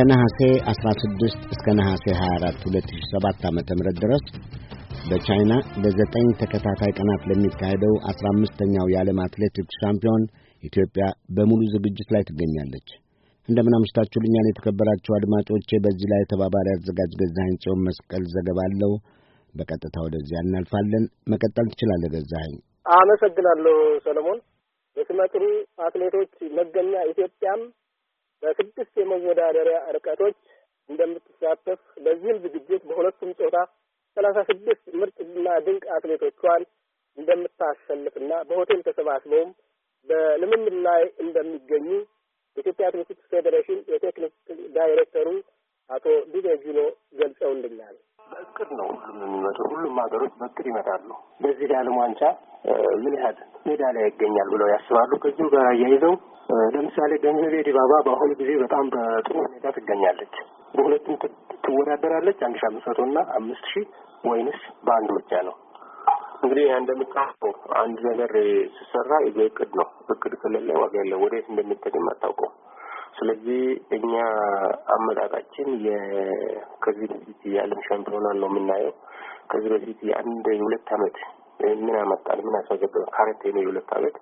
ከነሐሴ 16 እስከ ነሐሴ 24 2007 ዓ.ም ድረስ በቻይና በዘጠኝ ተከታታይ ቀናት ለሚካሄደው 15ኛው የዓለም አትሌቲክስ ሻምፒዮን ኢትዮጵያ በሙሉ ዝግጅት ላይ ትገኛለች። እንደምን አምሽታችሁልኛን የተከበራችሁ አድማጮቼ። በዚህ ላይ ተባባሪ አዘጋጅ ገዛኸኝ ጽዮን መስቀል ዘገባ አለው። በቀጥታ ወደዚያ እናልፋለን። መቀጠል ትችላለህ ገዛኸኝ። አመሰግናለሁ ሰለሞን። በስመ አትሌቶች መገኛ ኢትዮጵያም በስድስት የመወዳደሪያ ርቀቶች እንደምትሳተፍ በዚህም ዝግጅት በሁለቱም ጾታ ሰላሳ ስድስት ምርጥና ድንቅ አትሌቶቿን እንደምታሸንፍና በሆቴል ተሰባስበውም በልምምድ ላይ እንደሚገኙ የኢትዮጵያ አትሌቲክስ ፌዴሬሽን የቴክኒክ ዳይሬክተሩ አቶ ዲቤ ጁሎ ገልጸውልኛል። በእቅድ ነው ሁሉም የሚመጡ ሁሉም ሀገሮች በእቅድ ይመጣሉ። በዚህ የዓለም ዋንጫ ምን ያህል ሜዳ ላይ ይገኛል ብለው ያስባሉ? ከዚህም ጋር አያይዘው ለምሳሌ ገንዘቤ ዲባባ በአሁኑ ጊዜ በጣም በጥሩ ሁኔታ ትገኛለች። በሁለቱም ትወዳደራለች። አንድ ሺ አምስት መቶ እና አምስት ሺህ ወይንስ በአንድ ብቻ ነው? እንግዲህ እንደምታውቀው አንድ ነገር ሲሰራ እቅድ ነው። እቅድ ከሌለ ዋጋ የለ፣ ወዴት እንደምትሄድ የማታውቀው። ስለዚህ እኛ አመጣጣችን ከዚህ በፊት የዓለም ሻምፒዮና ነው የምናየው። ከዚህ በፊት የአንድ የሁለት አመት ምን ያመጣል? ምን ያስመዘገበ ካረንቴን የሁለት አመት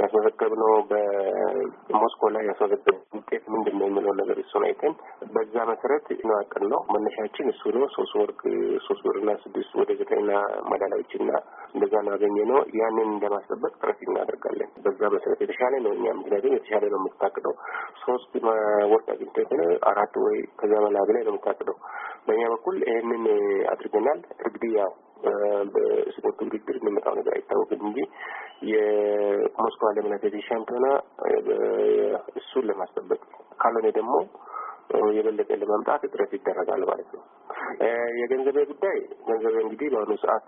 ያስመዘገብነው በሞስኮ ላይ ያስመዘገብ ውጤት ምንድን ነው የሚለው ነገር እሱን አይተን በዛ መሰረት ነዋቅን ነው መነሻችን እሱ ነው። ሶስት ወርቅ ሶስት ብርና ስድስት ወደ ዘጠኝና መዳላዎች ና እንደዛ ነው ያገኘ ነው። ያንን እንደማስጠበቅ ጥረት እናደርጋለን። በዛ መሰረት የተሻለ ነው እኛ ምክንያቱም የተሻለ ነው የምታቅደው። ሶስት ወርቅ አግኝተህ ከሆነ አራት ወይ ከዛ መላ ብላይ ነው የምታቅደው። በእኛ በኩል ይህንን አድርገናል። እንግዲህ ያው በስፖርት ውድድር የሚመጣው ነገር አይታወቅም እንጂ የሞስኮ ዓለም አትሌቲክስ ሻምፒዮና እሱን ለማስጠበቅ ካልሆነ ደግሞ የበለጠ ለማምጣት እጥረት ይደረጋል ማለት ነው። የገንዘቤ ጉዳይ ገንዘቤ እንግዲህ በአሁኑ ሰዓት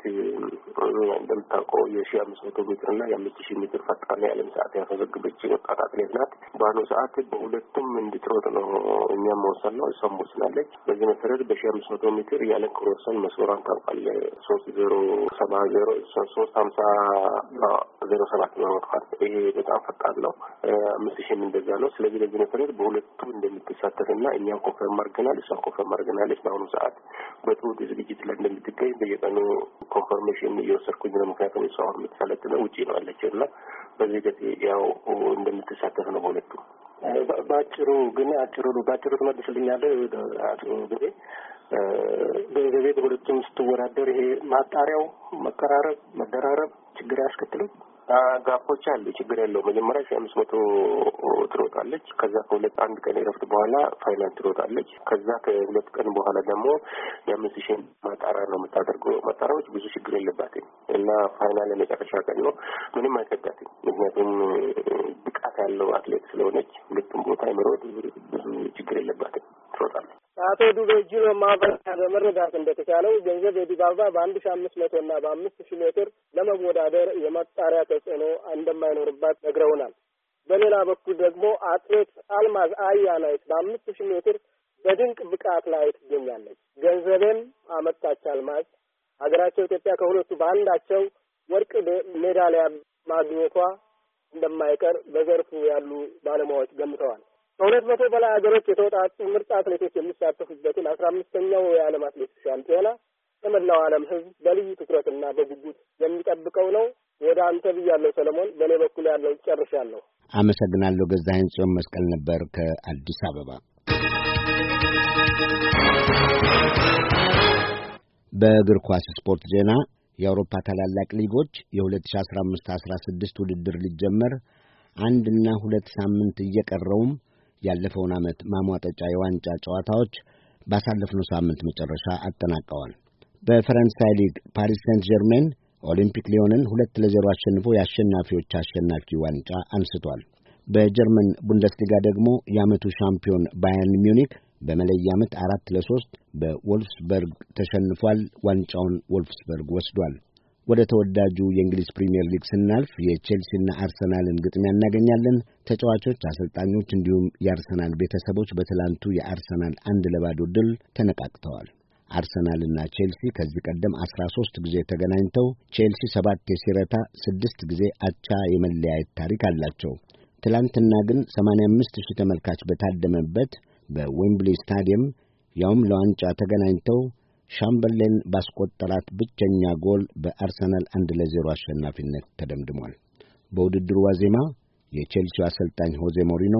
እንደምታውቀው የሺ አምስት መቶ ሜትር እና የአምስት ሺህ ሜትር ፈጣን የዓለም ሰዓት ያስመዘገበች ወጣት አትሌት ናት። በአሁኑ ሰዓት በሁለቱም እንድትሮጥ ነው እኛም መወሰን ነው፣ እሷም ወስናለች። በዚህ መሰረት በሺ አምስት መቶ ሜትር የዓለም ክብረ ወሰን መስበሯን ታውቃለ። ሶስት ዜሮ ሰባ ዜሮ ሶስት ሀምሳ ዜሮ ሰባት ነው መጥፋት። ይሄ በጣም ፈጣን ነው። አምስት ሺህም እንደዛ ነው። ስለዚህ በዚህ መሰረት በሁለቱ እንደምትሳተፍ እና እኛም ኮንፈርም አድርገናል፣ እሷም ኮንፈርም አድርገናለች በአሁኑ ሰዓት ሰዓት በጥሩ ዝግጅት ላይ እንደምትገኝ በየቀኑ ኮንፎርሜሽን እየወሰድኩኝ ነው። ምክንያቱም የሰው አሁን ነው ውጪ ነው ያለችው እና በዚህ ሂደት ያው እንደምትሳተፍ ነው በሁለቱ በአጭሩ ግን አጭሩ በአጭሩ ትመልስልኛለህ አቶ ጊዜ በዘቤት ሁለቱም ስትወዳደር ይሄ ማጣሪያው መቀራረብ፣ መደራረብ ችግር አያስከትልም? ጋፖች አሉ። ችግር የለው። መጀመሪያ ሺ አምስት መቶ ትሮጣለች። ከዛ ከሁለት አንድ ቀን እረፍት በኋላ ፋይናል ትሮጣለች። ከዛ ከሁለት ቀን በኋላ ደግሞ የአምስት ሺህ ማጣራ ነው የምታደርገው። ማጣራዎች ብዙ ችግር የለባትም እና ፋይናል የመጨረሻ ቀን ነው ምንም አይከብዳትም። ምክንያቱም ብቃት ያለው አትሌት ስለሆነች ሁለቱም ቦታ የመሮጥ ብዙ ችግር የለባትም፣ ትሮጣለች። አቶ ዱቤ ጅሎ ማበረታ በመረዳት እንደተቻለው ገንዘብ የዲባባ በአንድ ሺ አምስት መቶ እና በአምስት ሺ ሜትር ለመወዳደር የመጣሪያ ተጽዕኖ እንደማይኖርባት ነግረውናል። በሌላ በኩል ደግሞ አትሌት አልማዝ አያናይት በአምስት ሺህ ሜትር በድንቅ ብቃት ላይ ትገኛለች። ገንዘቤም አመጣች አልማዝ ሀገራቸው ኢትዮጵያ ከሁለቱ በአንዳቸው ወርቅ ሜዳሊያ ማግኘቷ እንደማይቀር በዘርፉ ያሉ ባለሙያዎች ገምተዋል። ከሁለት መቶ በላይ ሀገሮች የተወጣጡ ምርጥ አትሌቶች የሚሳተፉበትን አስራ አምስተኛው የዓለም አትሌቶች ሻምፒዮና የመላው ዓለም ሕዝብ በልዩ ትኩረትና በጉጉት የሚጠብቀው ነው። ወደ አንተ ብያለሁ ሰለሞን። በእኔ በኩል ያለው ጨርሻለሁ። አመሰግናለሁ። ገዛኸኝ ጽዮን መስቀል ነበር ከአዲስ አበባ። በእግር ኳስ ስፖርት ዜና የአውሮፓ ታላላቅ ሊጎች የ2015-16 ውድድር ሊጀመር አንድና ሁለት ሳምንት እየቀረውም ያለፈውን ዓመት ማሟጠጫ የዋንጫ ጨዋታዎች ባሳለፍነው ሳምንት መጨረሻ አጠናቀዋል። በፈረንሳይ ሊግ ፓሪስ ሴንት ጀርሜን ኦሊምፒክ ሊዮንን ሁለት ለዜሮ አሸንፎ የአሸናፊዎች አሸናፊ ዋንጫ አንስቷል። በጀርመን ቡንደስሊጋ ደግሞ የዓመቱ ሻምፒዮን ባየርን ሚውኒክ በመለያ ዓመት አራት ለሶስት በወልፍስበርግ ተሸንፏል። ዋንጫውን ወልፍስበርግ ወስዷል። ወደ ተወዳጁ የእንግሊዝ ፕሪምየር ሊግ ስናልፍ የቼልሲና አርሰናልን ግጥሚያ እናገኛለን። ተጫዋቾች፣ አሰልጣኞች እንዲሁም የአርሰናል ቤተሰቦች በትላንቱ የአርሰናል አንድ ለባዶ ድል ተነቃቅተዋል። አርሰናልና ቼልሲ ከዚህ ቀደም አስራ ሶስት ጊዜ ተገናኝተው ቼልሲ ሰባት የሲረታ ስድስት ጊዜ አቻ የመለያየት ታሪክ አላቸው። ትላንትና ግን ሰማንያ አምስት ሺህ ተመልካች በታደመበት በዌምብሊ ስታዲየም ያውም ለዋንጫ ተገናኝተው ሻምበርሌን ባስቆጠራት ብቸኛ ጎል በአርሰናል አንድ ለዜሮ አሸናፊነት ተደምድሟል። በውድድሩ ዋዜማ የቼልሲው አሰልጣኝ ሆዜ ሞሪኖ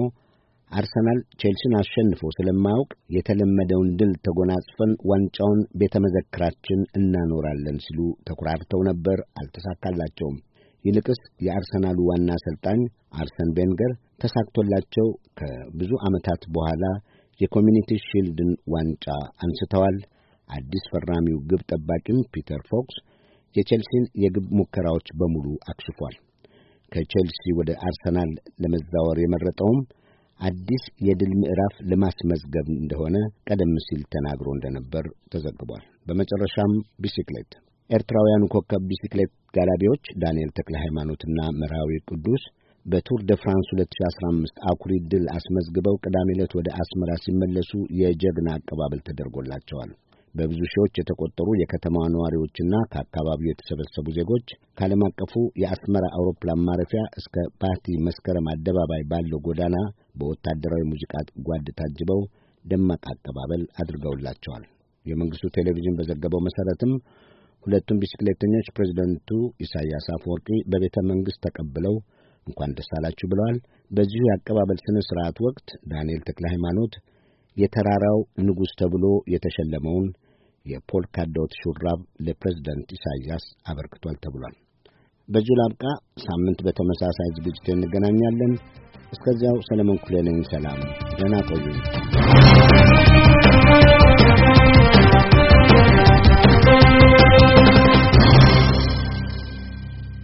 አርሰናል ቼልሲን አሸንፎ ስለማያውቅ የተለመደውን ድል ተጎናጽፈን ዋንጫውን ቤተ መዘክራችን እናኖራለን ሲሉ ተኩራርተው ነበር። አልተሳካላቸውም። ይልቅስ የአርሰናሉ ዋና አሰልጣኝ አርሰን ቤንገር ተሳክቶላቸው ከብዙ ዓመታት በኋላ የኮሚኒቲ ሺልድን ዋንጫ አንስተዋል። አዲስ ፈራሚው ግብ ጠባቂም ፒተር ፎክስ የቼልሲን የግብ ሙከራዎች በሙሉ አክሽፏል። ከቼልሲ ወደ አርሰናል ለመዛወር የመረጠውም አዲስ የድል ምዕራፍ ለማስመዝገብ እንደሆነ ቀደም ሲል ተናግሮ እንደነበር ተዘግቧል። በመጨረሻም ቢሲክሌት ኤርትራውያኑ ኮከብ ቢሲክሌት ጋላቢዎች ዳንኤል ተክለ ሃይማኖትና መርሃዊ ቅዱስ በቱር ደ ፍራንስ 2015 አኩሪ ድል አስመዝግበው ቅዳሜ ዕለት ወደ አስመራ ሲመለሱ የጀግና አቀባበል ተደርጎላቸዋል። በብዙ ሺዎች የተቆጠሩ የከተማዋ ነዋሪዎችና ከአካባቢው የተሰበሰቡ ዜጎች ከዓለም አቀፉ የአስመራ አውሮፕላን ማረፊያ እስከ ፓርቲ መስከረም አደባባይ ባለው ጎዳና በወታደራዊ ሙዚቃ ጓድ ታጅበው ደማቅ አቀባበል አድርገውላቸዋል። የመንግሥቱ ቴሌቪዥን በዘገበው መሠረትም ሁለቱም ቢስክሌተኞች ፕሬዚደንቱ ኢሳያስ አፈወርቂ በቤተ መንግሥት ተቀብለው እንኳን ደስ አላችሁ ብለዋል። በዚሁ የአቀባበል ሥነ ሥርዓት ወቅት ዳንኤል ተክለ ሃይማኖት የተራራው ንጉሥ ተብሎ የተሸለመውን የፖልካዶት ሹራብ ለፕሬዚደንት ኢሳያስ አበርክቷል ተብሏል። በዚሁ ላብቃ። ሳምንት በተመሳሳይ ዝግጅት እንገናኛለን። እስከዚያው ሰለሞን ኩሌ ነኝ። ሰላም፣ ደህና ቆዩኝ።